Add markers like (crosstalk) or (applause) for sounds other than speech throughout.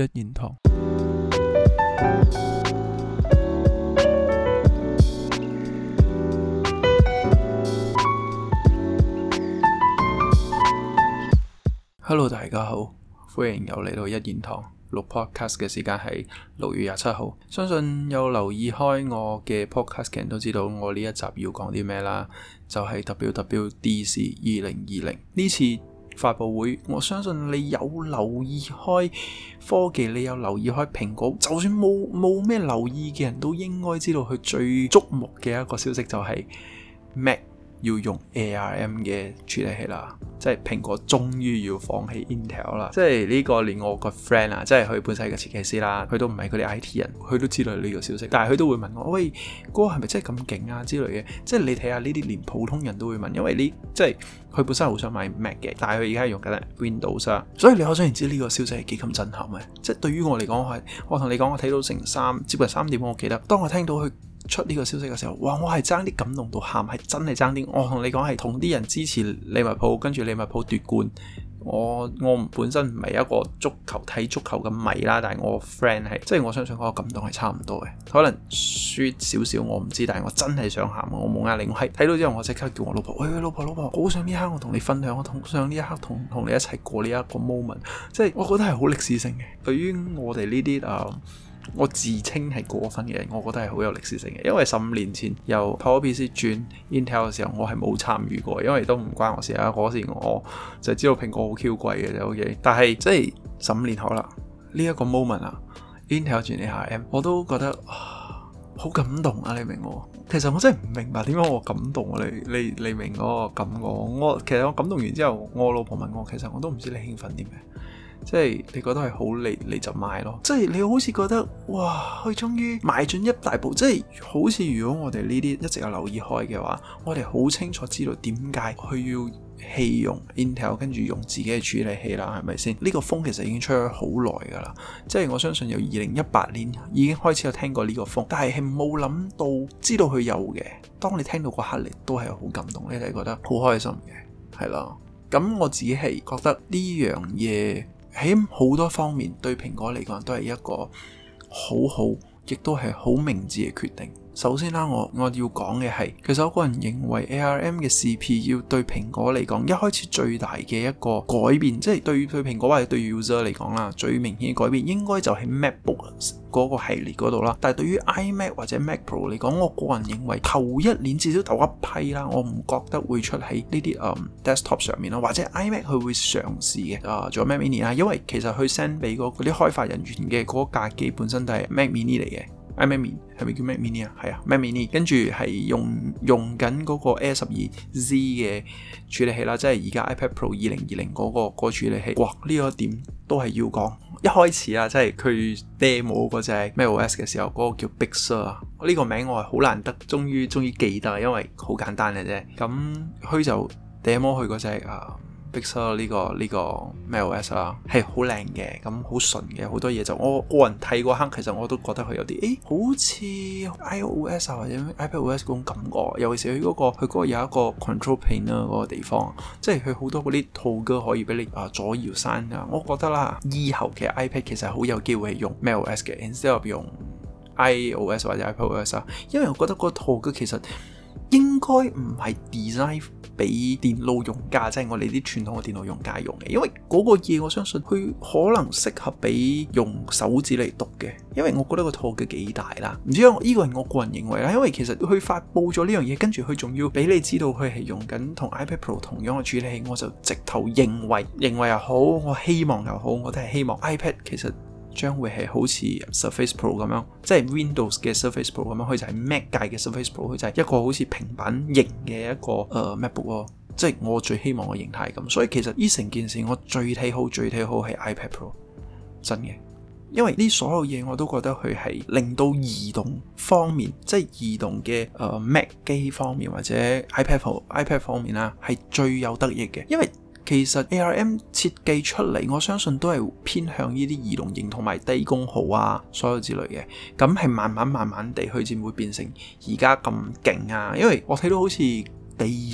一言堂。Hello，大家好，歡迎又嚟到一言堂錄 podcast 嘅時間，係六月廿七號。相信有留意開我嘅 podcast 嘅人都知道我呢一集要講啲咩啦，就係、是、WWDC 二零二零呢次發佈會，我相信你有留意開科技，你有留意開蘋果，就算冇冇咩留意嘅人都應該知道佢最矚目嘅一個消息就係 Mac。要用 ARM 嘅處理器啦，即係蘋果終於要放棄 Intel 啦，即係呢個連我個 friend 啊，即係佢本身係個設計師啦，佢都唔係佢哋 IT 人，佢都知道呢個消息，但係佢都會問我：喂，個係咪真係咁勁啊之類嘅？即係你睇下呢啲連普通人都會問，因為呢，即係佢本身好想買 Mac 嘅，但係佢而家係用緊 Windows 啊，所以你可想而知呢個消息係幾咁震撼嘅，啊。即係對於我嚟講，我我同你講，我睇到成三接近三點，我記得當我聽到佢出呢個消息嘅時候，哇！我係爭啲感動到喊，係真係爭啲。我同你講係同啲人支持利物浦，跟住利物浦奪冠。我我本身唔係一個足球睇足球嘅迷啦，但係我 friend 係，即係我相信嗰個感動係差唔多嘅。可能輸少少我唔知，但係我真係想喊。我冇壓力，我係睇到之後我即刻叫我老婆：喂喂，喂，老婆老婆，好想呢刻我同你分享，我同想呢一刻同同你一齊過呢一個 moment。即係我覺得係好歷史性嘅，對於我哋呢啲啊。呃我自稱係過分嘅，我覺得係好有歷史性嘅，因為十五年前由 PowerPC 轉 Intel 嘅時候，我係冇參與過，因為都唔關我事啊。嗰時我，我就知道蘋果好 Q 貴嘅啫，OK 但。但係即係十五年後啦，呢、這、一個 moment 啊，Intel 轉你下 M，我都覺得好感動啊！你明我？其實我真係唔明白點解我感動啊！你你你明嗰個感覺？我其實我感動完之後，我老婆問我，其實我都唔知你興奮啲咩。即係你覺得係好利，你就買咯。即係你好似覺得哇，佢終於邁進一大步。即係好似如果我哋呢啲一直有留意開嘅話，我哋好清楚知道點解佢要棄用 Intel，跟住用自己嘅處理器啦，係咪先？呢個風其實已經吹咗好耐噶啦。即係我相信由二零一八年已經開始有聽過呢個風，但係係冇諗到知道佢有嘅。當你聽到個黑歷都係好感動，你哋覺得好開心嘅，係咯。咁我自己係覺得呢樣嘢，喺好多方面對蘋果嚟講都係一個好好，亦都係好明智嘅決定。首先啦，我我要講嘅係，其實我個人認為 ARM 嘅 CPU 對蘋果嚟講，一開始最大嘅一個改變，即係對對蘋果或者對 user 嚟講啦，最明顯嘅改變應該就係 MacBook 嗰個系列嗰度啦。但係對於 iMac 或者 Mac Pro 嚟講，我個人認為頭一年，至少頭一批啦，我唔覺得會出喺呢啲誒 desktop 上面咯，或者 iMac 佢會嘗試嘅誒，仲有 Mac Mini 啦。因為其實佢 send 俾嗰啲開發人員嘅嗰架機本身都係 Mac Mini 嚟嘅。i m a Mini 係咪叫咩 Mini 啊？係啊，咩 Mini 跟住係用用緊嗰個 A12Z 嘅處理器啦，即係而家 iPad Pro 二零二零嗰個嗰處理器。哇！呢個點都係要講。一開始啊，即係佢 demo 嗰隻 MacOS 嘅時候，嗰個叫 Big Sur 啊，呢個名我係好難得，終於終於記得，因為好簡單嘅啫。咁佢就 demo 佢嗰隻啊。逼出呢個呢、這個 macOS 啦，係好靚嘅，咁好順嘅，好多嘢就我個人睇嗰刻，其實我都覺得佢有啲，誒好似 iOS 啊或者 iPadOS 嗰種感覺，尤其是佢嗰、那個佢嗰個有一個 control panel 啦嗰個地方，即係佢好多嗰啲套嘅可以俾你啊左搖山啊，我覺得啦，以後嘅 iPad 其實好有機會用 macOS 嘅，instead of 用 iOS 或者 iPadOS 啊，因為我覺得個套嘅其實應該唔係 design。俾電腦用家，即係我哋啲傳統嘅電腦用家用嘅，因為嗰個嘢我相信佢可能適合俾用手指嚟讀嘅，因為我覺得個套嘅幾大啦。唔知我呢個係我個人認為啦，因為其實佢發布咗呢樣嘢，跟住佢仲要俾你知道佢係用緊同 iPad Pro 同樣嘅處理器，我就直頭認為，認為又好，我希望又好，我都係希望 iPad 其實。將會係好似 Surface Pro 咁樣，即係 Windows 嘅 Surface Pro 咁樣，佢就係 Mac 界嘅 Surface Pro，佢就係一個好似平板型嘅一個誒 MacBook 咯，即係我最希望嘅形態咁。所以其實呢成件事我最睇好最睇好係 iPad Pro，真嘅，因為呢所有嘢我都覺得佢係令到移動方面，即係移動嘅誒、呃、Mac 機方面或者 iPad Pro iPad 方面啦、啊，係最有得益嘅，因為。其實 ARM 設計出嚟，我相信都係偏向呢啲移動型同埋低功耗啊，所有之類嘅，咁係慢慢慢慢地佢至會變成而家咁勁啊！因為我睇到好似第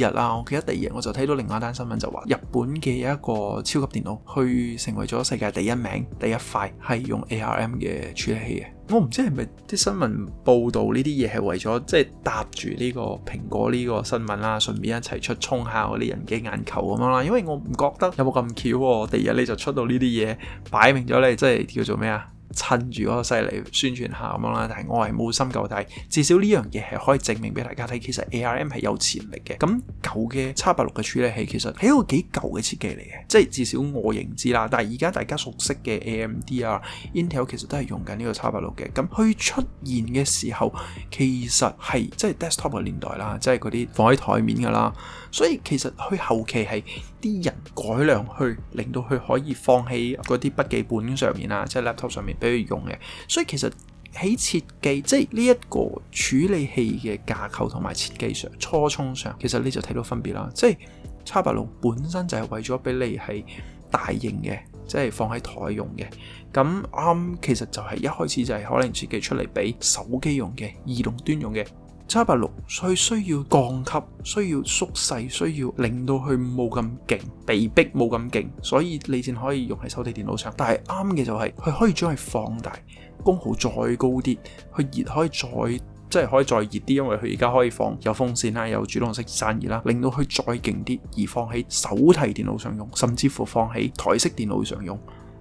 二日啊，我記得第二日我就睇到另外一單新聞就話，日本嘅一個超級電腦去成為咗世界第一名，第一塊係用 ARM 嘅處理器嘅。我唔知係咪啲新聞報導呢啲嘢係為咗即係搭住呢個蘋果呢個新聞啦、啊，順便一齊出衝下嗰啲人嘅眼球咁樣啦、啊。因為我唔覺得有冇咁巧喎、啊，第二日你就出到呢啲嘢，擺明咗你即係、就是、叫做咩啊？趁住嗰個勢嚟宣傳下咁樣啦，但係我係冇心夠睇，但至少呢樣嘢係可以證明俾大家睇，其實 ARM 係有潛力嘅。咁舊嘅 X 八六嘅處理器其實係一個幾舊嘅設計嚟嘅，即係至少我認知啦。但係而家大家熟悉嘅 AMD 啊、Intel 其實都係用緊呢個 X 八六嘅。咁佢出現嘅時候，其實係即係 desktop 嘅年代啦，即係嗰啲放喺枱面噶啦。所以其實佢後期係啲人改良去，令到佢可以放喺嗰啲筆記本上面啊，即係 laptop 上面。可以用嘅，所以其實喺設計，即係呢一個處理器嘅架構同埋設計上、初衷上，其實你就睇到分別啦。即係叉八六本身就係為咗俾你係大型嘅，即係放喺台用嘅。咁 ARM、嗯，其實就係一開始就係可能設計出嚟俾手機用嘅、移動端用嘅。七八六，佢需要降級，需要縮細，需要令到佢冇咁勁，被逼冇咁勁，所以你先可以用喺手提電腦上。但係啱嘅就係、是，佢可以將佢放大，功耗再高啲，佢熱可以再即係可以再熱啲，因為佢而家可以放有風扇啦，有主動式散熱啦，令到佢再勁啲，而放喺手提電腦上用，甚至乎放喺台式電腦上用，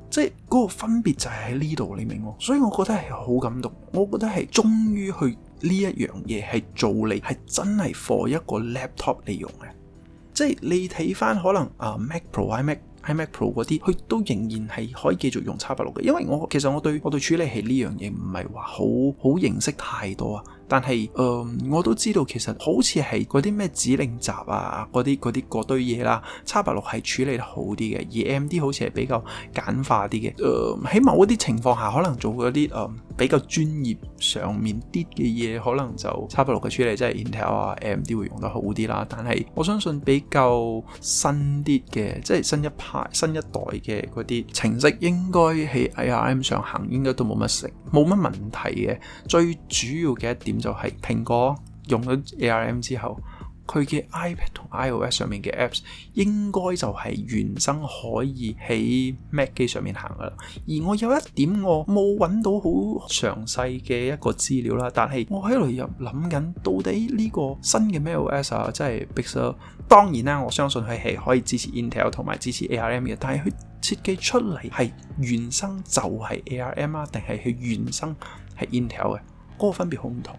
即係嗰個分別就係喺呢度，你明？所以我覺得係好感動，我覺得係終於去。呢一樣嘢係做嚟係真係 for 一個 laptop 嚟用嘅，即係你睇返可能啊 Mac Pro、iMac。iMac Pro 嗰啲佢都仍然係可以繼續用叉八六嘅，因為我其實我對我對處理器呢樣嘢唔係話好好認識太多啊。但係誒、呃、我都知道其實好似係嗰啲咩指令集啊，嗰啲嗰啲嗰堆嘢啦，叉八六係處理得好啲嘅，而 AMD 好似係比較簡化啲嘅。誒、呃，喺某一啲情況下，可能做嗰啲誒比較專業上面啲嘅嘢，可能就叉八六嘅處理即係 Intel 啊 AMD 會用得好啲啦。但係我相信比較新啲嘅，即係新一排。新一代嘅嗰啲程式應該喺 ARM 上行，應該都冇乜成，冇乜問題嘅。最主要嘅一點就係蘋果用咗 ARM 之後。佢嘅 iPad 同 iOS 上面嘅 Apps 應該就係原生可以喺 Mac 機上面行噶啦。而我有一點我冇揾到好詳細嘅一個資料啦。但係我喺度又諗緊，到底呢個新嘅 MacOS 啊，真係 Big Sur，er、當然啦，我相信佢係可以支持 Intel 同埋支持 ARM 嘅。但係佢設計出嚟係原生就係 ARM 啊，定係佢原生係 Intel 嘅？嗰、那個分別好唔同。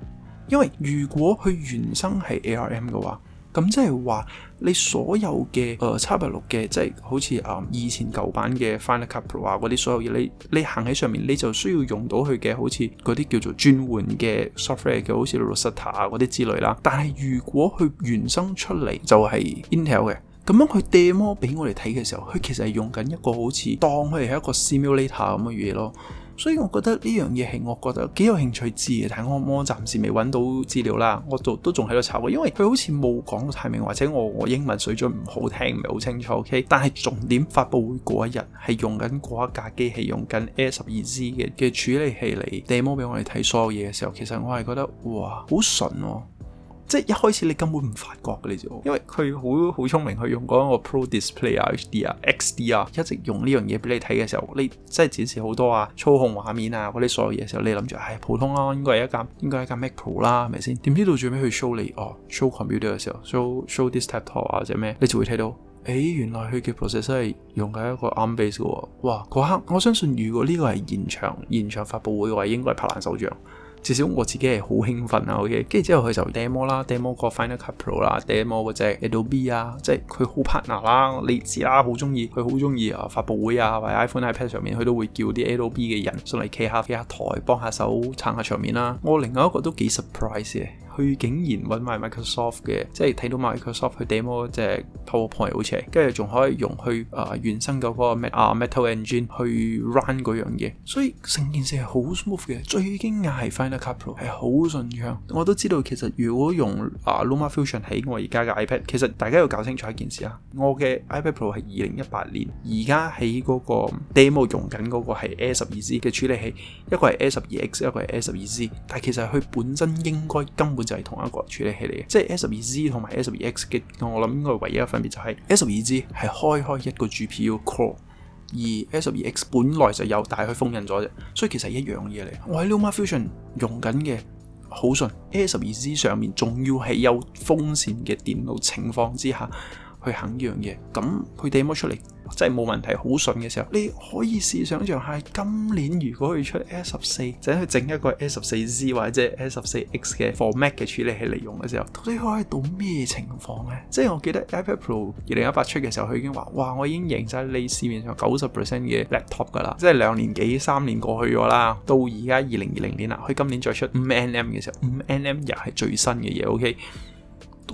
因為如果佢原生係 ARM 嘅話，咁即係話你所有嘅誒 X86 嘅，即係好似誒、嗯、以前舊版嘅 Final Cut Pro 啊嗰啲所有嘢，你你行喺上面你就需要用到佢嘅，好似嗰啲叫做轉換嘅 software 嘅，好似 Rosetta 啊嗰啲之類啦。但係如果佢原生出嚟就係 Intel 嘅，咁樣佢 demo 俾我哋睇嘅時候，佢其實係用緊一個好似當佢係一個 simulator 咁嘅嘢咯。所以我覺得呢樣嘢係我覺得幾有興趣知嘅，但係我我暫時未揾到資料啦，我都仲喺度查喎，因為佢好似冇講得太明，或者我，我英文水準唔好聽，唔係好清楚。OK，但係重點發佈會嗰一日係用緊嗰一架機器用緊 A12Z 嘅嘅處理器嚟 demo 俾我哋睇所有嘢嘅時候，其實我係覺得哇，好純喎、哦。即係一開始你根本唔發覺嘅你就，因為佢好好聰明去用嗰個 Pro Display 啊、HDR 啊、XDR 啊，一直用呢樣嘢俾你睇嘅時候，你真係展示好多啊、操控畫面啊嗰啲所有嘢嘅時候，你諗住唉普通咯、啊，應該係一架應該係一架 Mac Pro 啦、啊，係咪先？點知道最尾佢 show 你哦 show computer 嘅時候，show show desktop 啊或者咩，你就會睇到，誒、欸、原來佢嘅 processor、er、係用緊一個 ARM base 嘅喎、哦，哇嗰刻我相信如果呢個係現場現場發佈會嘅話，應該係拍爛手掌。至少我自己係好興奮啊！OK，跟住之後佢就 Demo 啦，Demo 個 Final Cut Pro 啦，Demo 嗰隻 Adobe 啊，即係佢好 partner 啦，你知啦好中意，佢好中意啊！發布會啊，或者 iPhone、iPad 上面，佢都會叫啲 Adobe 嘅人上嚟企下企下台，幫下手撐下場面啦。我另外一個都幾 surprise 嘅。佢竟然揾埋 Microsoft 嘅，即係睇到 Microsoft 佢 demo 隻 PowerPoint 好似，跟住仲可以用佢啊原生嗰個 Mat 啊 Metal Engine 去 run 嗰樣嘢，所以成件事係好 smooth 嘅。最驚訝係 Final Cut Pro 係好順暢，我都知道其實如果用啊 Luma Fusion 喺我而家嘅 iPad，其實大家要搞清楚一件事啊，我嘅 iPad Pro 係二零一八年，而家喺嗰個 demo 用緊嗰個係 A 十二 Z 嘅處理器，一個係 A 十二 X，一個係 A 十二 Z，但係其實佢本身應該根本，就係同一個處理器嚟嘅，即係 A12Z 同埋 A12X 嘅，我諗應該唯一嘅分別就係 A12Z 係開開一個 GPU core，而 A12X 本來就有，但係佢封印咗啫，所以其實一樣嘢嚟。我喺 LumaFusion 用緊嘅好順，A12Z 上面仲要係有風扇嘅電腦情況之下。去肯呢樣嘢，咁佢點樣出嚟真係冇問題好順嘅時候，你可以試想像下，今年如果佢出 S 十四，就係佢整一個 S 十四 z 或者 S 十四 X 嘅 for Mac 嘅處理器嚟用嘅時候，到底可以到咩情況呢？即係我記得 iPad Pro 二零一八出嘅時候，佢已經話，哇，我已經贏晒你市面上九十 percent 嘅 laptop 噶啦！即係兩年幾三年過去咗啦，到而家二零二零年啦，佢今年再出五 nm 嘅時候，五 nm 又係最新嘅嘢，OK。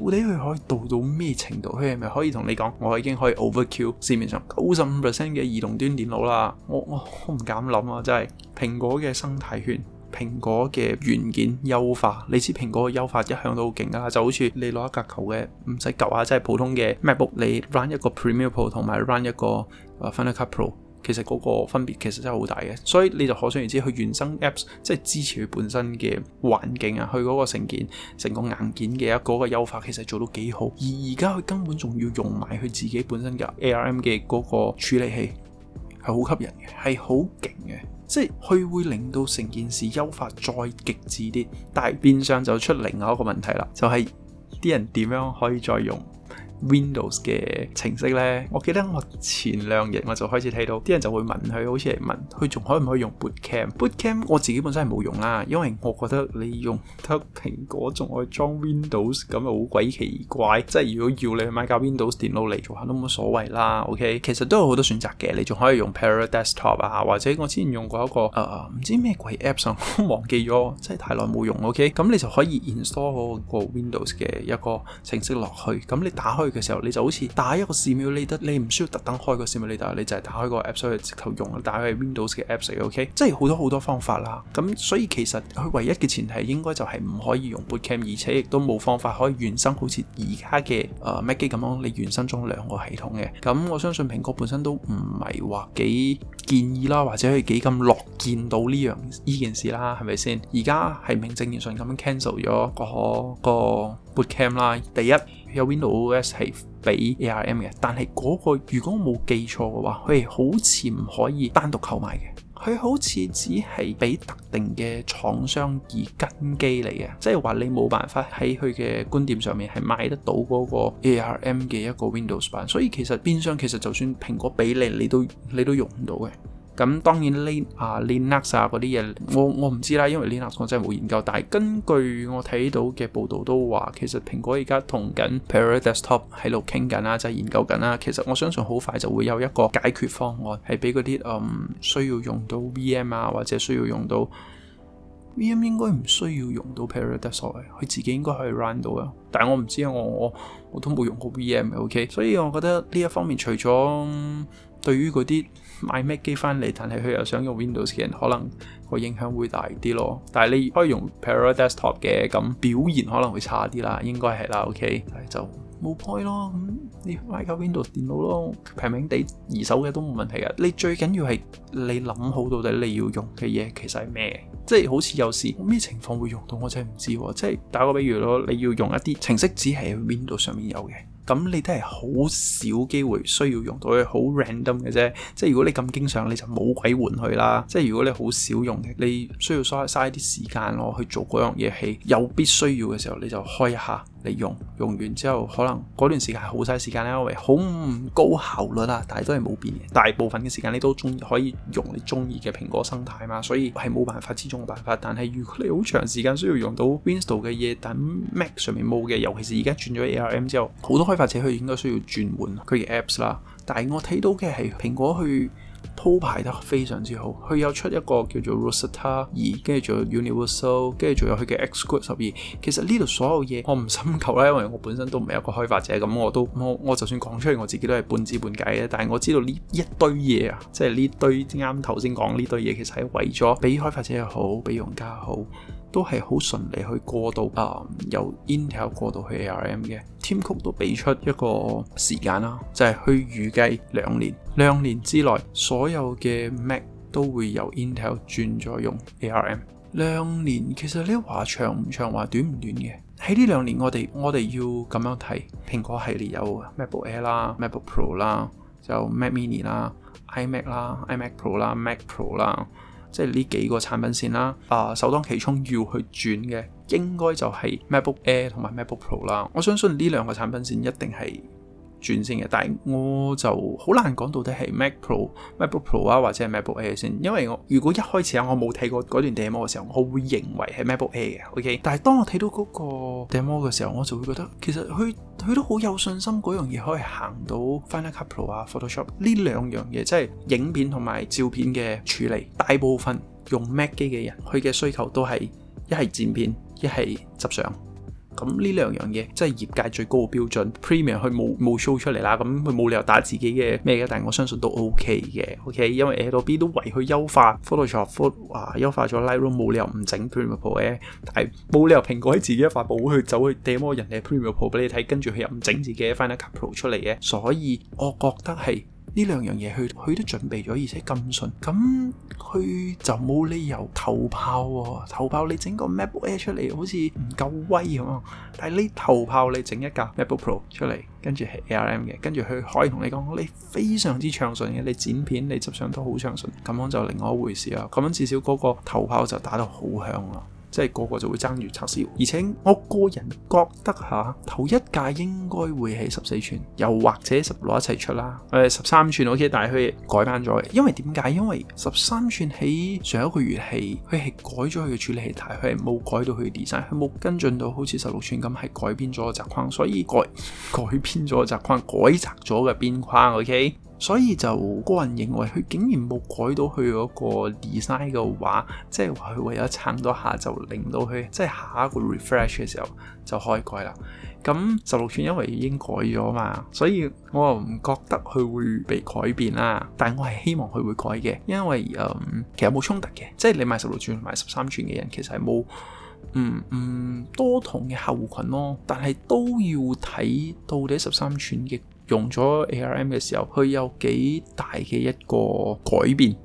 到底佢可以到到咩程度？佢係咪可以同你講，我已經可以 overkill 市面上九十五 percent 嘅移動端電腦啦？我我我唔敢諗啊！真係蘋果嘅生態圈，蘋果嘅軟件優化，你知蘋果嘅優化一向都好勁噶啦，就好似你攞一架舊嘅唔使舊啊，即係普通嘅 MacBook，你 run 一個 Premiere Pro 同埋 run 一個 Final Cut Pro。其實嗰個分別其實真係好大嘅，所以你就可想而知，佢原生 Apps 即係支持佢本身嘅環境啊，佢嗰個成件成個硬件嘅一個、嗰個優化其實做到幾好，而而家佢根本仲要用埋佢自己本身嘅 ARM 嘅嗰個處理器，係好吸引嘅，係好勁嘅，即係佢會令到成件事優化再極致啲。但係變相就出另外一個問題啦，就係、是、啲人點樣可以再用？Windows 嘅程式呢，我記得我前兩日我就開始睇到啲人就會問佢，好似嚟問佢仲可唔可以用 bo Bootcamp？Bootcamp 我自己本身係冇用啦、啊，因為我覺得你用得蘋果仲可以裝 Windows 咁啊，好鬼奇怪。即係如果要你去買架 Windows 電腦嚟做下都冇乜所謂啦。OK，其實都有好多選擇嘅，你仲可以用 Parallels Desktop 啊，或者我之前用過一個唔、呃、知咩鬼 Apps，我、嗯、 (laughs) 忘記咗，真係太耐冇用。OK，咁你就可以 install 好個 Windows 嘅一個程式落去，咁你打開。嘅時候，你就好似打一個 simulator，你得你唔需要特登開個 simulator，你得，你就係打開個 app，所以直頭用，打開 Windows 嘅 app 嚟，OK，即係好多好多方法啦。咁所以其實佢唯一嘅前提應該就係唔可以用 Boot Camp，而且亦都冇方法可以原生好似而家嘅誒 Mac 機咁樣，你原生裝兩個系統嘅。咁我相信蘋果本身都唔係話幾建議啦，或者係幾咁樂見到呢樣呢件事啦，係咪先？而家係名正言順咁樣 cancel 咗、嗰個、嗰個 Boot Camp 啦，第一。有 Windows OS 係俾 ARM 嘅，但係嗰個如果我冇記錯嘅話，佢好似唔可以單獨購買嘅，佢好似只係俾特定嘅廠商而跟機嚟嘅，即係話你冇辦法喺佢嘅官店上面係買得到嗰個 ARM 嘅一個 Windows 版，所以其實變相其實就算蘋果俾你，你都你都用唔到嘅。咁當然 Lin 啊 Linux 啊嗰啲嘢，我我唔知啦，因為 Linux 我真係冇研究。但係根據我睇到嘅報道都話，其實蘋果而家同緊 Parallels Desktop 喺度傾緊啦，就係、是、研究緊啦、啊。其實我相信好快就會有一個解決方案，係俾嗰啲嗯需要用到 VM 啊，或者需要用到 VM、啊、應該唔需要用到 Parallels Desktop，佢自己應該可以 run 到啊。但係我唔知啊，我我我都冇用過 VM OK。所以我覺得呢一方面，除咗對於嗰啲買 Mac 機翻嚟，但係佢又想用 Windows 嘅人，可能個影響會大啲咯。但係你可以用 Parallels Desktop 嘅，咁表現可能會差啲啦，應該係啦。OK，但就冇 point 咯。你買架 Windows 電腦咯，平平地二手嘅都冇問題噶。你最緊要係你諗好到底你要用嘅嘢其實係咩？即係好似有時咩情況會用到，我真係唔知。即係打個比喻咯，你要用一啲程式只係 Windows 上面有嘅。咁你都係好少機會需要用到嘅，好 random 嘅啫。即係如果你咁經常，你就冇鬼換佢啦。即係如果你好少用，你需要嘥嘥啲時間咯，去做嗰樣嘢。係有必須要嘅時候，你就開一下。你用，用完之後可能嗰段時間係好嘥時間啦，因為，好唔高效率啊，但係都係冇變嘅。大部分嘅時間你都中意可以用你中意嘅蘋果生態嘛，所以係冇辦法之中嘅辦法。但係如果你好長時間需要用到 Windows 嘅嘢，但 Mac 上面冇嘅，尤其是而家轉咗 ARM 之後，好多開發者佢應該需要轉換佢嘅 Apps 啦。但係我睇到嘅係蘋果佢，鋪排得非常之好，佢有出一個叫做 Rosetta 二，跟住做 Universal，跟住仲有佢嘅 Xcode 十二。其實呢度所有嘢我唔深究啦，因為我本身都唔係一個開發者，咁我都我我就算講出嚟，我自己都係半知半解嘅。但係我知道呢一堆嘢啊，即係呢堆啱頭先講呢堆嘢，其實係為咗俾開發者又好，俾用家好。都係好順利去過渡，誒、呃、由 Intel 過渡去 ARM 嘅。Team 曲都俾出一個時間啦，就係、是、去預計兩年，兩年之內所有嘅 Mac 都會由 Intel 轉咗用 ARM。兩年其實呢話長唔長，話短唔短嘅？喺呢兩年我，我哋我哋要咁樣睇，蘋果系列有 MacBook Air 啦、MacBook Pro 啦，就 Mac Mini 啦、iMac 啦、iMac Pro 啦、Mac Pro 啦。即係呢幾個產品線啦，啊，首當其衝要去轉嘅應該就係 MacBook Air 同埋 MacBook Pro 啦，我相信呢兩個產品線一定係，轉先嘅，但係我就好難講到底係 Mac Pro、MacBook Pro 啊，或者係 MacBook Air 先。因為我如果一開始啊，我冇睇過嗰段 Demo 嘅時候，我會認為係 MacBook Air 嘅。OK，但係當我睇到嗰個 Demo 嘅時候，我就會覺得其實佢佢都好有信心嗰樣嘢可以行到 Final Cut Pro 啊、Photoshop 呢兩樣嘢，即係影片同埋照片嘅處理。大部分用 Mac 機嘅人，佢嘅需求都係一係剪片，一係執相。咁呢兩樣嘢真係業界最高嘅標準，Premium 佢冇冇 show 出嚟啦，咁佢冇理由打自己嘅咩嘅，但係我相信都 OK 嘅，OK，因為 Adobe 都為佢優化 Photoshop 啊，優化咗 Lightroom 冇理由唔整 Premium Pro 嘅，但係冇理由蘋果喺自己嘅發布會去走去 demo 人嘅 Premium Pro 俾你睇，跟住佢又唔整自己嘅 Final Cut Pro 出嚟嘅，所以我覺得係。呢兩樣嘢，佢佢都準備咗，而且咁順，咁佢就冇理由頭炮喎、哦！頭炮你整個 MacBook Air 出嚟，好似唔夠威，係嘛？但係呢頭炮你整一架 MacBook Pro 出嚟，跟住係 ARM 嘅，跟住佢可以同你講，你非常之暢順嘅，你剪片你上、你執相都好暢順，咁樣就另外一回事啦。咁樣至少嗰個頭炮就打得好響啦。即係個個就會爭住拆銷，而且我個人覺得嚇、啊，頭一架應該會喺十四寸，又或者十六一齊出啦。誒、嗯，十三寸 OK，但係佢改翻咗，嘅，因為點解？因為十三寸喺上一個月係佢係改咗佢嘅處理器但係，佢係冇改到佢嘅 design，佢冇跟進到好似十六寸咁係改變咗個窄框，所以改改變咗個窄框，改窄咗個邊框 OK。所以就個人認為，佢竟然冇改到佢嗰個 design 嘅話，即係佢為咗撐咗下，就令到佢即係下一個 refresh 嘅時候就可以改啦。咁十六寸因為已經改咗嘛，所以我又唔覺得佢會被改變啦。但係我係希望佢會改嘅，因為誒、嗯、其實冇衝突嘅，即、就、係、是、你買十六寸同買十三寸嘅人其實係冇嗯唔、嗯、多同嘅客戶群咯。但係都要睇到底十三寸嘅，用咗 ARM 嘅時候，佢有幾大嘅一個改變。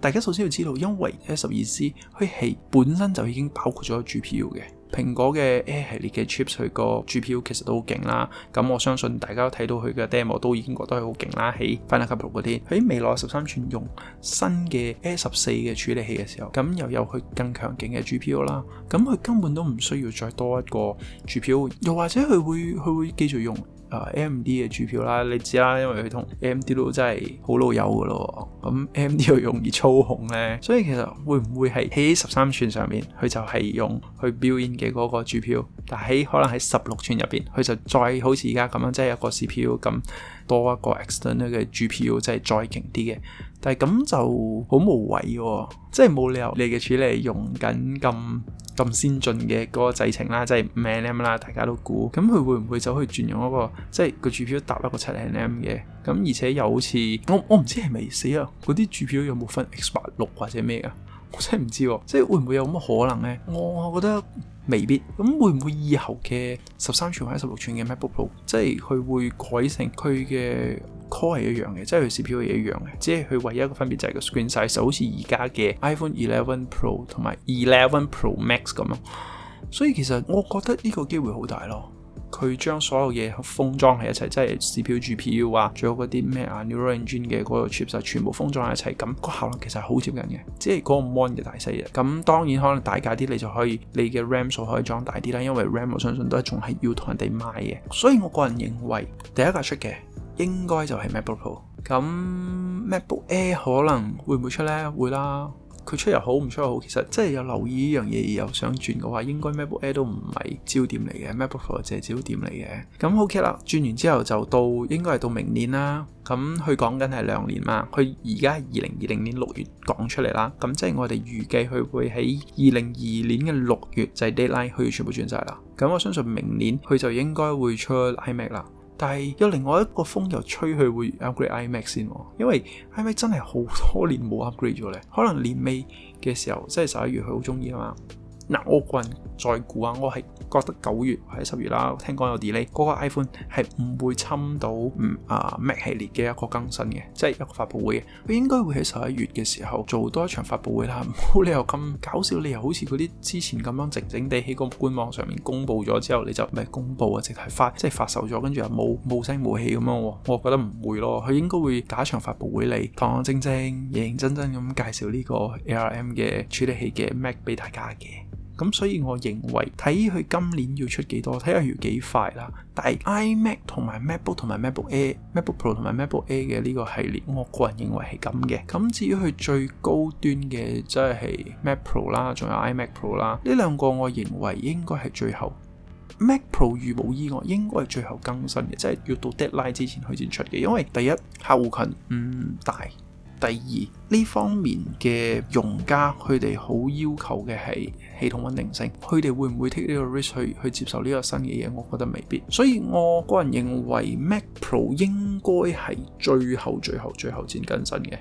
大家首先要知道，因為 A12Z 佢係本身就已經包括咗 GPU 嘅。蘋果嘅 A 系列嘅 chips 佢個 GPU 其實都好勁啦。咁我相信大家都睇到佢嘅 demo 都已經覺得係好勁啦。喺 Final Cut Pro 嗰啲喺未來十三寸用新嘅 A 十四嘅處理器嘅時候，咁又有佢更強勁嘅 GPU 啦。咁佢根本都唔需要再多一個 GPU，又或者佢會佢會繼續用。.誒 AMD 嘅主票啦，你知啦，因為佢同 AMD 都真係好老友噶咯。咁 AMD 又容易操控呢，所以其實會唔會係喺十三寸上面，佢就係用去表演嘅嗰個主票，但喺可能喺十六寸入邊，佢就再好似而家咁樣，即係一個 CPU 咁多一個 external 嘅 GPU，即係再勁啲嘅。但係咁就好無謂喎，哦，即係冇理由你嘅處理，用緊咁咁先進嘅嗰個製程啦，即係五 nm 啦，大家都估，咁佢會唔會走去轉用一個即係個主票搭一個七 nm 嘅？咁而且又好似我我唔知係咪死啊？嗰啲主票有冇分 X 八六或者咩噶？我真係唔知喎，即係會唔會有咁可能呢？我覺得未必。咁會唔會以後嘅十三寸或者十六寸嘅 MacBook Pro，即係佢會改成佢嘅？Core 係一樣嘅，即係佢 CPU 一樣嘅，即係佢唯一個分別就係個 screen size，好似而家嘅 iPhone Eleven Pro 同埋 Eleven Pro Max 咁咯。 (laughs) 所以其實我覺得呢個機會好大咯。佢將所有嘢封裝喺一齊，即係 CPU、GPU 啊，仲有嗰啲咩啊，neural engine 嘅嗰個 chips、啊、全部封裝喺一齊，咁、嗰個效能其實係好接近嘅。即係嗰個 Mon 嘅大細嘅。咁當然可能大價啲，你就可以你嘅 RAM 數可以裝大啲啦。因為 RAM 我相信都係仲係要同人哋買嘅。所以我個人認為第一架出嘅。應該就係 MacBook Pro，咁 MacBook Air 可能會唔會出呢？會啦，佢出又好，唔出又好。其實即係有留意呢樣嘢，又想轉嘅話，應該 MacBook Air 都唔係焦點嚟嘅，MacBook Pro 就係焦點嚟嘅。咁 OK 啦，轉完之後就到應該係到明年啦。咁佢講緊係兩年嘛，佢而家二零二零年六月講出嚟啦。咁即係我哋預計佢會喺二零二二年嘅六月就係 deadline，佢要全部轉晒啦。咁我相信明年佢就應該會出 iMac 啦。但係有另外一個風又吹，佢會 upgrade iMac 先喎。哦，因為 iMac 真係好多年冇 upgrade 咗咧，可能年尾嘅時候，即係十一月佢好中意啊嘛，嗱，我個再估啊！我係覺得九月或者十月啦，聽講有 delay，嗰個 iPhone 係唔會侵到嗯啊 Mac 系列嘅一個更新嘅，即係一個發布會嘅。佢應該會喺十一月嘅時候做多一場發布會啦，冇理由咁搞笑，理由好似嗰啲之前咁樣靜靜地喺個官網上面公布咗之後，你就咪公布啊，直係發即係發售咗，跟住又冇冇聲冇氣咁樣。我覺得唔會咯，佢應該會加一場發布會嚟堂堂正正、認認真真咁介紹呢個 ARM 嘅處理器嘅 Mac 俾大家嘅。咁所以，我認為睇佢今年要出幾多，睇下要幾快啦。但係 iMac 同埋 MacBook 同埋 MacBook Air、MacBook Pro 同埋 MacBook Air 嘅呢個系列，我個人認為係咁嘅。咁至於佢最高端嘅，即係 Mac Pro 啦，仲有 iMac Pro 啦，呢兩個我認為應該係最後 Mac Pro，預冇意外應該係最後更新嘅，即係要到 deadline 之前佢先出嘅。因為第一，客戶群唔大。第二呢方面嘅用家，佢哋好要求嘅係系統穩定性，佢哋會唔會 take 呢個 risk 去去接受呢個新嘅嘢？我覺得未必，所以我個人認為 Mac Pro 應該係最後最後最後先更新嘅，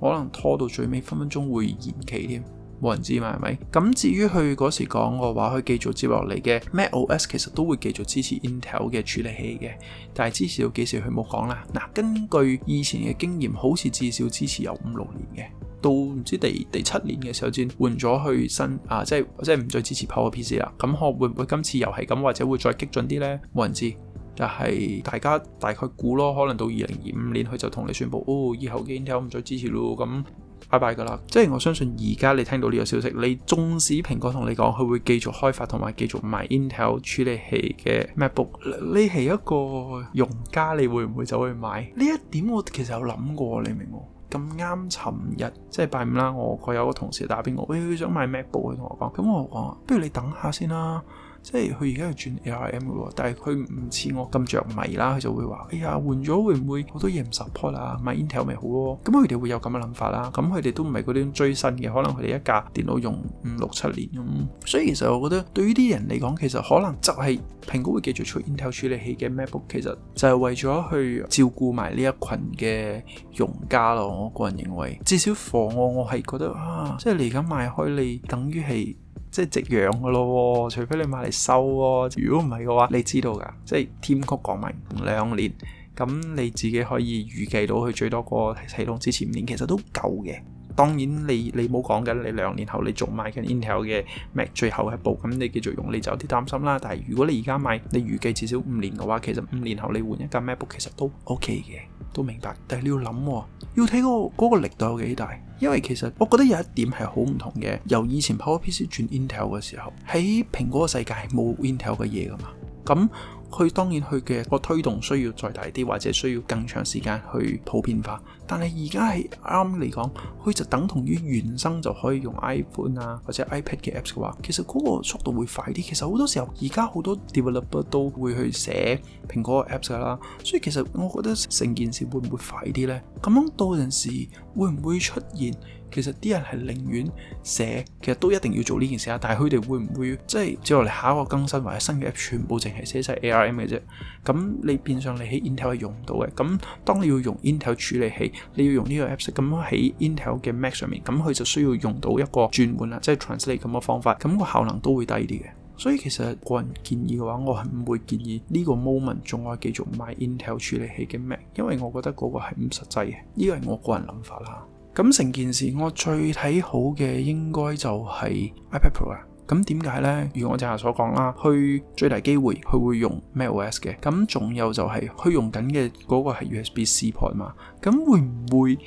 可能拖到最尾分分鐘會延期添。冇人知嘛，係咪？咁至於佢嗰時講嘅話，佢繼續接落嚟嘅 MacOS 其實都會繼續支持 Intel 嘅處理器嘅，但係支持到幾時佢冇講啦。嗱，啊，根據以前嘅經驗，好似至少支持有五六年嘅，到唔知第第七年嘅時候先換咗去新啊，即係即係唔再支持 PowerPC 啦。咁會會唔會今次又係咁，或者會再激進啲呢？冇人知，但係大家大概估咯，可能到二零二五年佢就同你宣布，哦，以後嘅 Intel 唔再支持咯咁。拜拜噶啦！即係我相信而家你聽到呢個消息，你縱使蘋果同你講佢會繼續開發同埋繼續賣 Intel 處理器嘅 MacBook，你係一個用家，你會唔會走去買？呢一點我其實有諗過，你明唔明？咁啱尋日即係拜五啦，我佢有個同事打俾我：哎「佢想買 MacBook，佢同我講，咁我講，不如你等下先啦。即係佢而家係轉 ARM 嘅，但係佢唔似我咁着迷啦。佢就會話：哎呀，換咗會唔會好多嘢唔 support 啊？買 Intel 咪好咯啊。咁佢哋會有咁嘅諗法啦。咁佢哋都唔係嗰啲追新嘅，可能佢哋一架電腦用五六七年咁。所以其實我覺得對呢啲人嚟講，其實可能就係蘋果會繼續出 Intel 處理器嘅 MacBook，其實就係為咗去照顧埋呢一群嘅用家咯。我個人認為，至少貨我我係覺得啊，即係你而家賣開你等於係。即係直養噶咯喎，除非你買嚟收喎。如果唔係嘅話，你知道㗎，即係 Tim Cook 講明兩年，咁你自己可以預計到佢最多個系統之前五年，其實都夠嘅。當然你你冇講緊你兩年後你仲買緊 Intel 嘅 Mac 最後一部，咁你繼續用你就有啲擔心啦。但係如果你而家買，你預計至少五年嘅話，其實五年後你換一架 MacBook 其實都 OK 嘅，都明白。但係你要諗喎、哦，要睇個嗰個力度有幾大。因為其實我覺得有一點係好唔同嘅，由以前 PowerPC 轉 Intel 嘅時候，喺蘋果嘅世界冇 Intel 嘅嘢噶嘛，咁佢當然佢嘅個推動需要再大啲，或者需要更長時間去普遍化。但係而家係啱嚟講，佢就等同於原生就可以用 iPhone 啊或者 iPad 嘅 Apps 嘅話，其實嗰個速度會快啲。其實好多時候，而家好多 developer 都會去寫蘋果 Apps 噶啦，所以其實我覺得成件事會唔會快啲呢？咁樣到陣時會唔會出現，其實啲人係寧願寫，其實都一定要做呢件事啊。但係佢哋會唔會即係接落你下一個更新或者新嘅 App 全部淨係寫晒 ARM 嘅啫？咁你變相你喺 Intel 係用唔到嘅。咁當你要用 Intel 處理器。你要用呢個 apps 咁喺 Intel 嘅 Mac 上面，咁佢就需要用到一個轉換啦，即係 translate 咁嘅方法，咁個效能都會低啲嘅。所以其實個人建議嘅話，我係唔會建議呢個 moment 仲要繼續買 Intel 處理器嘅 Mac，因為我覺得嗰個係唔實際嘅。呢個係我個人諗法啦。咁成件事我最睇好嘅應該就係 iPad Pro 啊。咁點解呢？如我正下所講啦，去最大機會佢會用 macOS 嘅。咁仲有就係佢用緊嘅嗰個係 USB C port 嘛。咁會唔會？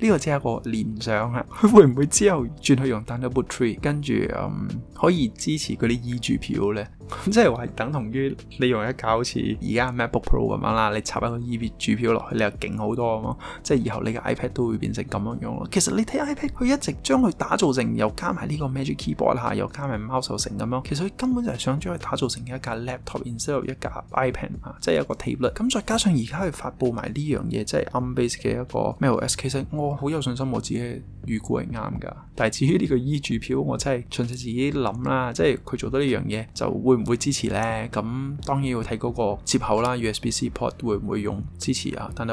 呢個只係一個聯想啊！佢會唔會之後轉去用 Thunderbolt 3跟住、嗯、可以支持嗰啲 USB 綫咧？ (laughs) 即係話等同於你用一架好似而家 MacBook Pro 咁樣啦，你插一個 USB 綫落去，你又勁好多啊嘛！即係以後你嘅 iPad 都會變成咁樣樣咯。其實你睇 iPad，佢一直將佢打造成又加埋呢個 Magic Keyboard 嚇，又加埋 Mouse 咁樣，其實佢根本就係想將佢打造成一架 Laptop，instead of 一架 iPad 嘛，即係一個 Tablet。咁再加上而家佢發布埋呢樣嘢，即係 ARM-based 嘅一個 MacOS，其實我好有信心我自己預估係啱噶，但係至於呢個 E 住票，我真係純粹自己諗啦。即係佢做得呢樣嘢，就會唔會支持呢？咁當然要睇嗰個接口啦。USB C port 會唔會用支持啊？但係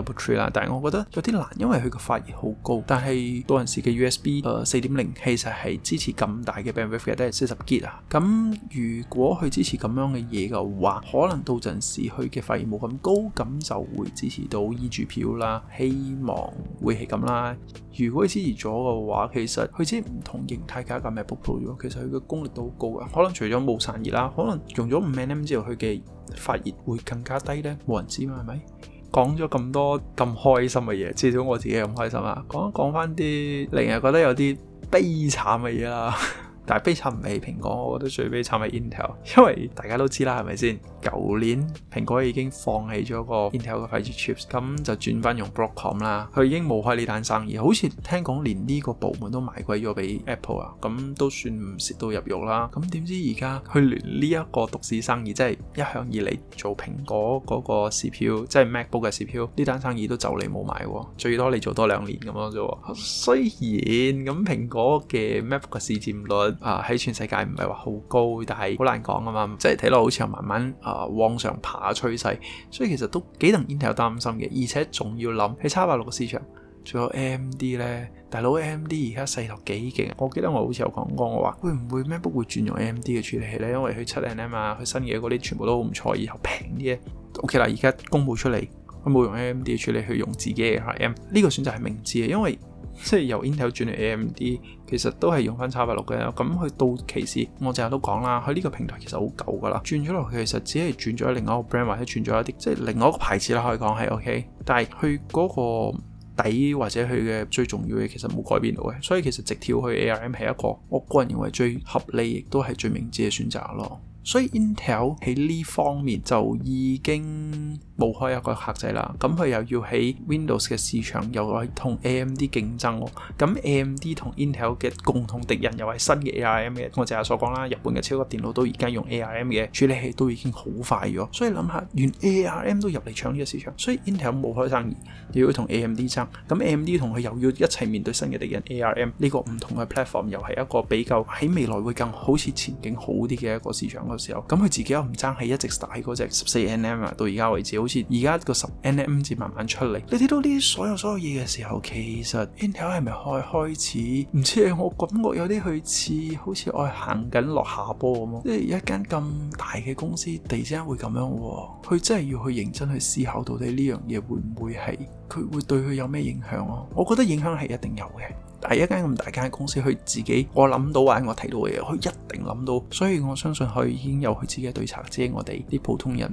我覺得有啲難，因為佢嘅發熱好高。但係到陣時嘅 USB 誒四點零其實係支持咁大嘅 bandwidth 嘅，都係四十 G 啊。咁如果佢支持咁樣嘅嘢嘅話，可能到陣時佢嘅發熱冇咁高，咁就會支持到 E 住票啦。希望會係咁啦。如果支持咗嘅話，其實佢啲唔同形態價格咪波 o 咗，其實佢嘅功率都好高嘅，可能除咗冇散熱啦，可能用咗五 M 之後，佢嘅發熱會更加低咧，冇人知嘛係咪？講咗咁多咁開心嘅嘢，至少我自己咁開心啦，講一講翻啲令人覺得有啲悲慘嘅嘢啦。但係悲慘唔係蘋果，我覺得最悲慘係 Intel，因為大家都知啦，係咪先？舊年蘋果已經放棄咗個 Intel 嘅費事 chips，咁就轉翻用 Broadcom 啦。佢已經冇開呢單生意，好似聽講連呢個部門都賣鬼咗俾 Apple 啊，咁都算唔蝕到入肉啦。咁點知而家佢連呢一個獨市生意，即係一向以嚟做蘋果嗰個 CPU，即係 MacBook 嘅 CPU 呢單生意都就嚟冇賣喎，最多你做多兩年咁多啫。雖然咁蘋果嘅 MacBook 嘅市佔率，啊，喺、呃、全世界唔係話好高，但係好難講啊嘛。即係睇落好似又慢慢啊往、呃、上爬嘅趨勢，所以其實都幾能引起 Intel 擔心嘅。而且仲要諗喺叉八六嘅市場，仲有 AMD 咧。大佬 AMD 而家勢頭幾勁，我記得我好似有講過，我話會唔會 MacBook 會轉用 AMD 嘅處理器咧？因為佢七 nm 啊，佢新嘢嗰啲全部都好唔錯，以後平啲 OK 啦，而家公布出嚟佢冇用 AMD 嘅處理器，去用自己嘅 ARM 呢個選擇係明智嘅，因為，即係由 Intel 轉到 AMD，其實都係用翻 X 八六嘅。咁佢到期時，我成日都講啦，佢呢個平台其實好舊噶啦。轉咗落去，其實只係轉咗另外一個 brand 或者轉咗一啲，即係另外一個牌子啦，可以講係 OK。但係佢嗰個底或者佢嘅最重要嘅其實冇改變到嘅。所以其實直跳去 ARM 係一個我個人認為最合理亦都係最明智嘅選擇咯。所以 Intel 喺呢方面就已經冇開一個客仔啦，咁佢又要喺 Windows 嘅市場又喺同 AMD 競爭喎，咁 AMD 同 Intel 嘅共同敵人又係新嘅 ARM 嘅，我正話所講啦，日本嘅超級電腦都而家用 ARM 嘅處理器都已經好快咗，所以諗下連 ARM 都入嚟搶呢個市場，所以 Intel 冇開生意，又要同 AMD 爭，咁 AMD 同佢又要一齊面對新嘅敵人 ARM，呢個唔同嘅 platform 又係一個比較，喺未來會更好似前景好啲嘅一個市場。時候，咁佢自己又唔爭氣，一直打嗰隻十四 nm 啊，到而家為止，好似而家個十 nm 先慢慢出嚟。你睇到呢啲所有所有嘢嘅時候，其實 Intel 係咪開開始唔知啊？我感覺有啲類似，好似我行緊落下坡咁咯。即係一間咁大嘅公司，突然間會咁樣，啊，佢真係要去認真去思考到底呢樣嘢會唔會係佢會對佢有咩影響咯，啊？我覺得影響係一定有嘅。第一間咁大間公司，佢自己我諗到或者我睇到嘅嘢，佢一定諗到，所以我相信佢已經有佢自己嘅對策，只係我哋啲普通人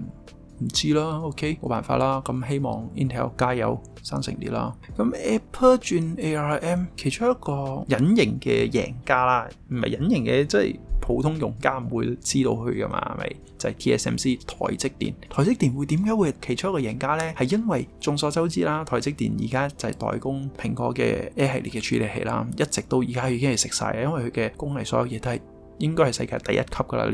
唔知啦。OK，冇辦法啦。咁希望 Intel 加油，生成啲啦。咁 Apple 轉 ARM，其中一個隱形嘅贏家啦，唔係隱形嘅，即係……普通用家唔會知道佢噶嘛，係咪？就係、是、TSMC 台積電，台積電會點解會係其中一個贏家呢？係因為眾所周知啦，台積電而家就係代工蘋果嘅 A 系列嘅處理器啦，一直都而家已經係食晒。因為佢嘅工藝所有嘢都係應該係世界第一級噶啦。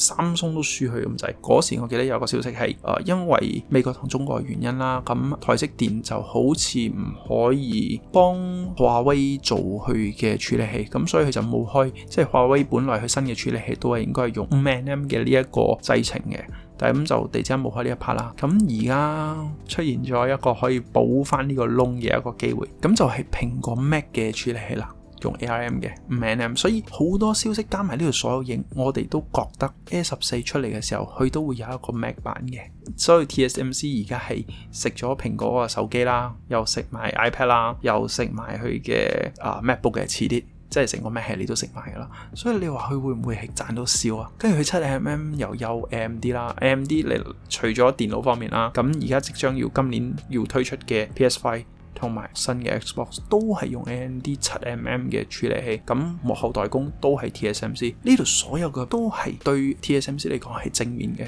三星都輸佢咁滯，嗰時我記得有個消息係，啊、呃，因為美國同中國嘅原因啦，咁台積電就好似唔可以幫華為做佢嘅處理器，咁所以佢就冇開，即係華為本來佢新嘅處理器都係應該係用五 nm 嘅呢一個製程嘅，但係咁就地產冇開呢一 part 啦，咁而家出現咗一個可以補翻呢個窿嘅一個機會，咁就係蘋果 Mac 嘅處理器啦。用 ARM 嘅，五 nm，所以好多消息加埋呢度所有影，我哋都覺得 A 十四出嚟嘅時候，佢都會有一個 Mac 版嘅。所以 TSMC 而家係食咗蘋果個手機啦，又食埋 iPad 啦，又食埋佢嘅啊 MacBook 嘅，遲啲即係成個 Mac 你都食埋噶啦。所以你話佢會唔會係賺到笑啊？跟住佢七 nm 又有 AMD 啦，AMD 嚟除咗電腦方面啦，咁而家即將要今年要推出嘅 PS Five。同埋新嘅 Xbox 都係用 AMD 七 nm 嘅處理器，咁幕後代工都係 TSMC。呢度所有嘅都係對 TSMC 嚟講係正面嘅，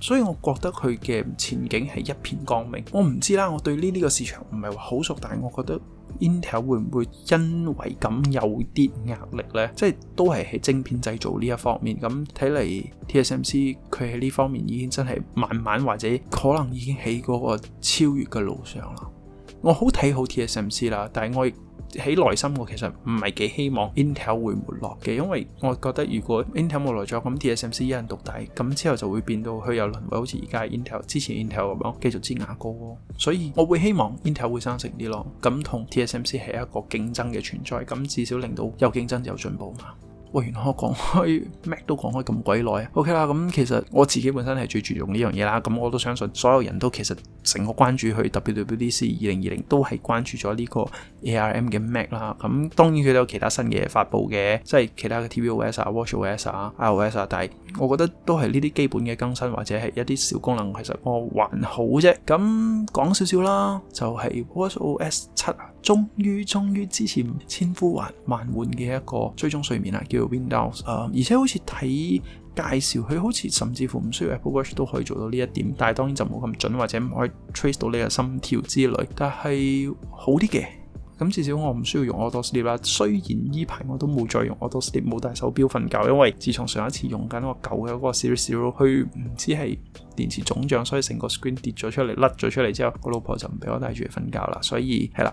所以我覺得佢嘅前景係一片光明。我唔知啦，我對呢呢個市場唔係話好熟，但係我覺得 Intel 會唔會因為咁有啲壓力呢？即係都係喺晶片製造呢一方面，咁睇嚟 TSMC 佢喺呢方面已經真係慢慢或者可能已經喺嗰個超越嘅路上啦。我好睇好 TSMC 啦，但係我喺內心我其實唔係幾希望 Intel 會沒落嘅，因為我覺得如果 Intel 冇落咗，咁 TSMC 一人獨大，咁之後就會變到佢又淪為好似而家 Intel 之前 Intel 咁樣，繼續支牙膏。所以我會希望 Intel 會生成啲咯，咁同 TSMC 係一個競爭嘅存在，咁至少令到有競爭就有進步嘛。喂，原來我講開 Mac 都講開咁鬼耐 OK 啦，咁、嗯、其實我自己本身係最注重呢樣嘢啦。咁、嗯、我都相信所有人都其實成個關注去 WWDC 二零二零都係關注咗呢個 ARM 嘅 Mac 啦。咁、嗯、當然佢都有其他新嘅發布嘅，即係其他嘅 TVOS 啊、WatchOS 啊、iOS 啊但係我覺得都係呢啲基本嘅更新或者係一啲小功能，其實我還好啫。咁講少少啦，就係、是、WatchOS 七啊，終於終於之前千呼萬喚嘅一個追蹤睡眠啊，叫～Windows 啊、嗯，而且好似睇介紹，佢好似甚至乎唔需要 Apple Watch 都可以做到呢一點，但係當然就冇咁準或者唔可以 trace 到你嘅心跳之類，但係好啲嘅。咁至少我唔需要用 Auto Sleep 啦。雖然依排我都冇再用 Auto Sleep，冇戴手錶瞓覺，因為自從上一次用緊我舊嘅嗰個 Series Zero，佢唔知係電池腫脹，所以成個 screen 跌咗出嚟，甩咗出嚟之後，我老婆就唔俾我戴住嚟瞓覺啦。所以係啦。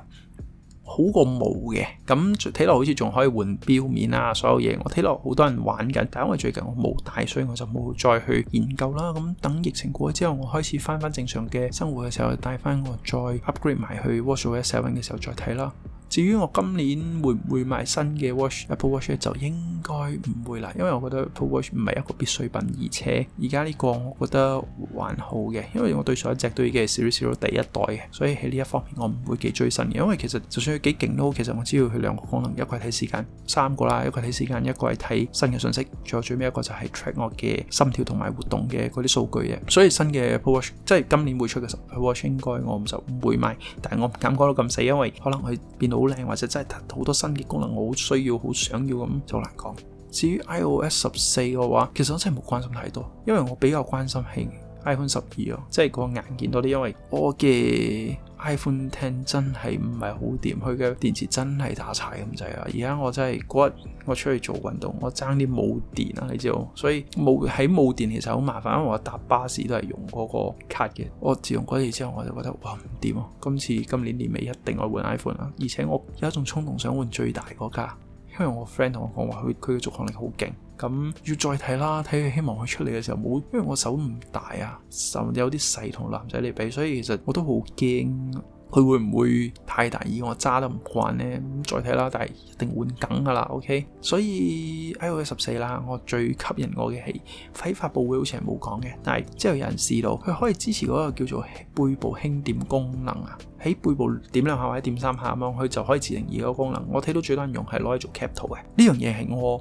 好過冇嘅，咁睇落好似仲可以換表面啊，所有嘢我睇落好多人玩緊，但係因為最近我冇帶，所以我就冇再去研究啦。咁等疫情過咗之後，我開始翻返正常嘅生活嘅時候，帶翻我再 upgrade 埋去 WatchOS Seven 嘅時候再睇啦。至於我今年會唔會買新嘅 Watch Apple Watch 就應該唔會啦，因為我覺得 Apple Watch 唔係一個必需品，而且而家呢個我覺得還好嘅，因為我對上一隻都已經係 Series Zero 第一代嘅，所以喺呢一方面我唔會幾追新嘅。因為其實就算佢幾勁都好，其實我只要佢兩個功能，一個係睇時間，三個啦，一個係睇時間，一個係睇新嘅信息，仲有最尾一個就係 check 我嘅心跳同埋活動嘅嗰啲數據嘅。所以新嘅 Apple Watch 即係今年會出嘅 Apple Watch 應該我就唔會買，但係我唔敢講到咁死，因為可能佢邊度。好靚或者真係好多新嘅功能，我好需要好想要咁就好難講。至於 iOS 十四嘅話，其實我真係冇關心太多，因為我比較關心係 iPhone 十二咯，即係個硬件多啲，因為我嘅。iPhone X 真係唔係好掂，佢嘅電池真係打柴咁滯啊！而家我真係嗰日我出去做運動，我爭啲冇電啦，你知道，所以冇喺冇電，其實好麻煩。因為我搭巴士都係用嗰個卡嘅。我自用嗰次之後，我就覺得哇唔掂啊！今次今年年尾一定我換 iPhone 啦，而且我有一種衝動想換最大嗰架，因為我 friend 同我講話，佢佢嘅續航力好勁。咁要再睇啦，睇佢希望佢出嚟嘅時候冇，因為我手唔大啊，甚至有啲細同男仔嚟比，所以其實我都好驚佢會唔會太大意？我揸得唔慣呢，咁再睇啦，但係一定換梗噶啦，OK。所以 iPhone 十四啦，我最吸引我嘅係喺發佈會好似係冇講嘅，但係之後有人試到佢可以支持嗰個叫做背部輕點功能啊，喺背部點兩下或者點三下咁樣，佢就可以自定義個功能。我睇到最多人用係攞嚟做截圖嘅，呢樣嘢係我。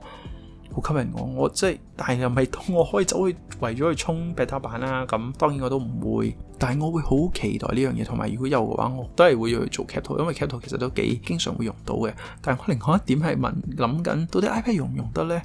好吸引我，我即係，但係又唔係，我可以走去為咗去充 beta 版啦。咁，當然我都唔會，但係我會好期待呢樣嘢。同埋，如果有嘅話，我都係會要去做截圖，因為截圖其實都幾經常會用到嘅。但係我另外一,一點係問諗緊，到底 iPad 用唔用得呢？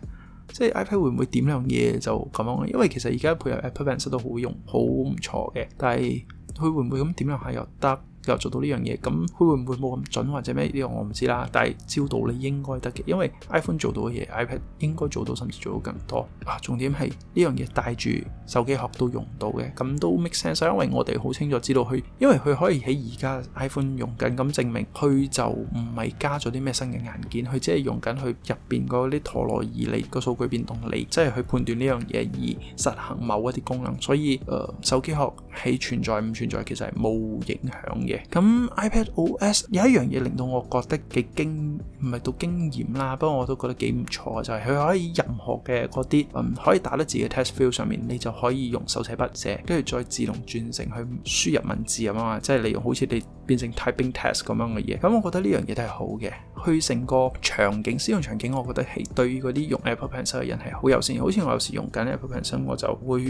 即係 iPad 會唔會點樣嘢就咁樣？因為其實而家配合 Apple Pencil 都好用，好唔錯嘅。但係佢會唔會咁點樣下又得？又做到呢樣嘢，咁佢會唔會冇咁準或者咩呢？個我唔知啦。但係照道理應該得嘅，因為 iPhone 做到嘅嘢，iPad 應該做到，甚至做到更多。啊，重點係呢樣嘢帶住手機殼都用到嘅，咁都 make sense。因為我哋好清楚知道佢，因為佢可以喺而家 iPhone 用緊，咁證明佢就唔係加咗啲咩新嘅硬件，佢只係用緊佢入邊嗰啲陀螺儀嚟個數據變動嚟，即係去判斷呢樣嘢而實行某一啲功能。所以誒、呃，手機殼係存在唔存在，其實係冇影響嘅。咁 iPadOS 有一樣嘢令到我覺得幾驚，唔係到驚豔啦，不過我都覺得幾唔錯，就係、是、佢可以任何嘅嗰啲，嗯，可以打得字嘅 text field 上面，你就可以用手寫筆寫，跟住再自動轉成去輸入文字啊嘛，即係利用好似你變成 typing test 咁樣嘅嘢，咁我覺得呢樣嘢都係好嘅。去成個場景，使用場景，我覺得係對於嗰啲用 Apple Pencil 嘅人係好友善。好似我有時用緊 Apple Pencil，我就會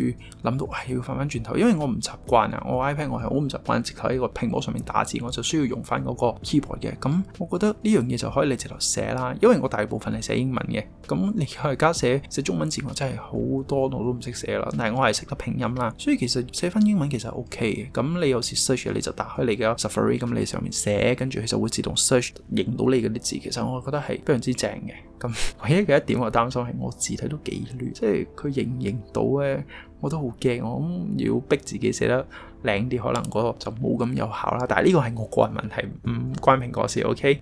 諗到、哎、要反翻轉頭，因為我唔習慣啊。我 iPad 我係好唔習慣直頭喺個屏幕上面打字，我就需要用翻嗰個 keyboard 嘅。咁我覺得呢樣嘢就可以你直頭寫啦，因為我大部分係寫英文嘅。咁你而家寫寫中文字我，我真係好多我都唔識寫啦。但係我係識得拼音啦，所以其實寫翻英文其實 OK 嘅。咁你有時 search 你就打開你嘅 Safari，咁你上面寫，跟住佢就會自動 search 認到你嗰啲。其實我覺得係非常之正嘅，咁唯一嘅一點我擔心係我字體都幾亂，即係佢認唔認到咧，我都好驚。我諗要逼自己寫得靚啲，可能嗰個就冇咁有，有效啦。但係呢個係我個人問題，唔關蘋果事。OK。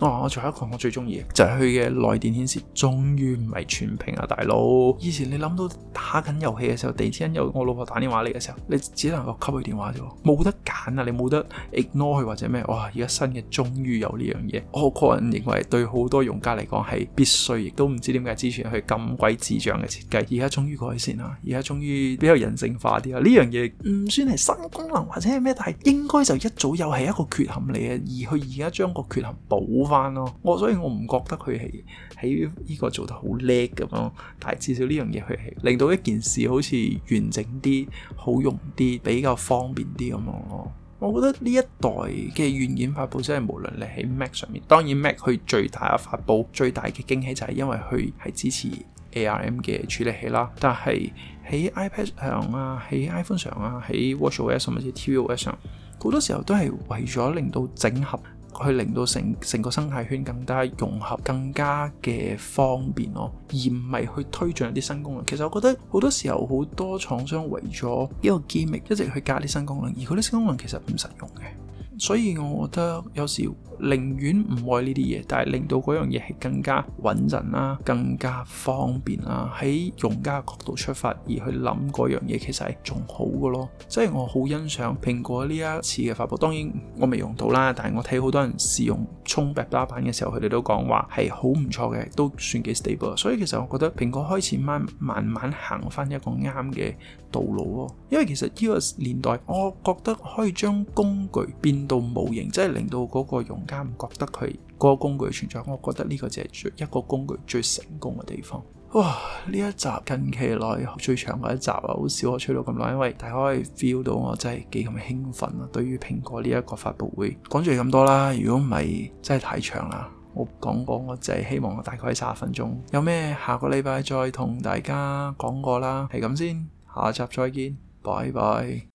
哦，仲有一個我最中意，就係佢嘅來電顯示，終於唔係全屏啊！大佬，以前你諗到打緊遊戲嘅時候，突然之間有我老婆打電話嚟嘅時候，你只能夠吸佢電話啫，冇得揀啊！你冇得 ignore 佢或者咩？哇、哦！而家新嘅終於有呢樣嘢，我個人認為對好多用家嚟講係必須，亦都唔知點解之前係咁鬼智障嘅設計，而家終於改善啦，而家終於比較人性化啲啦。呢樣嘢唔算係新功能或者係咩，但係應該就一早又係一個缺陷嚟嘅，而佢而家將個缺陷補翻咯，我、哦、所以我唔覺得佢係喺呢個做得好叻咁咯，但係至少呢樣嘢佢係令到一件事好似完整啲、好用啲、比較方便啲咁咯。我覺得呢一代嘅軟件發佈真係無論你喺 Mac 上面，當然 Mac 佢最大嘅發佈、最大嘅驚喜就係因為佢係支持 ARM 嘅處理器啦。但係喺 iPad 上啊、喺 iPhone 上啊、喺 WatchOS 甚至 tvOS 上，好多時候都係為咗令到整合。去令到成成個生態圈更加融合、更加嘅方便咯，而唔係去推進一啲新功能。其實我覺得好多時候，好多廠商為咗一個機密一直去加啲新功能，而 𠮶 啲新功能其實唔實用嘅。所以我覺得有時寧願唔愛呢啲嘢，但係令到嗰樣嘢係更加穩陣啦、啊，更加方便啦、啊，喺用家角度出發而去諗嗰樣嘢，其實係仲好嘅咯。即係我好欣賞蘋果呢一次嘅發布。當然我未用到啦，但係我睇好多人試用 beta 版嘅時候，佢哋都講話係好唔錯嘅，都算幾 stable。所以其實我覺得蘋果開始慢慢慢行翻一個啱嘅道路咯。因為其實呢個年代，我覺得可以將工具變到模型，即係令到嗰個用家唔覺得佢嗰個工具存在。我覺得呢個就係最一個工具最成功嘅地方。哇、呃！呢一集近期內最長嘅一集啊，好少我吹到咁耐，因為大家可以 feel 到我真係幾咁興奮啊。對於蘋果呢一個發佈會，講住咁多啦。如果唔係真係太長啦。我講講我就係希望我大概喺三十分鐘。有咩下個禮拜再同大家講過啦，係咁先。下集再見，拜拜。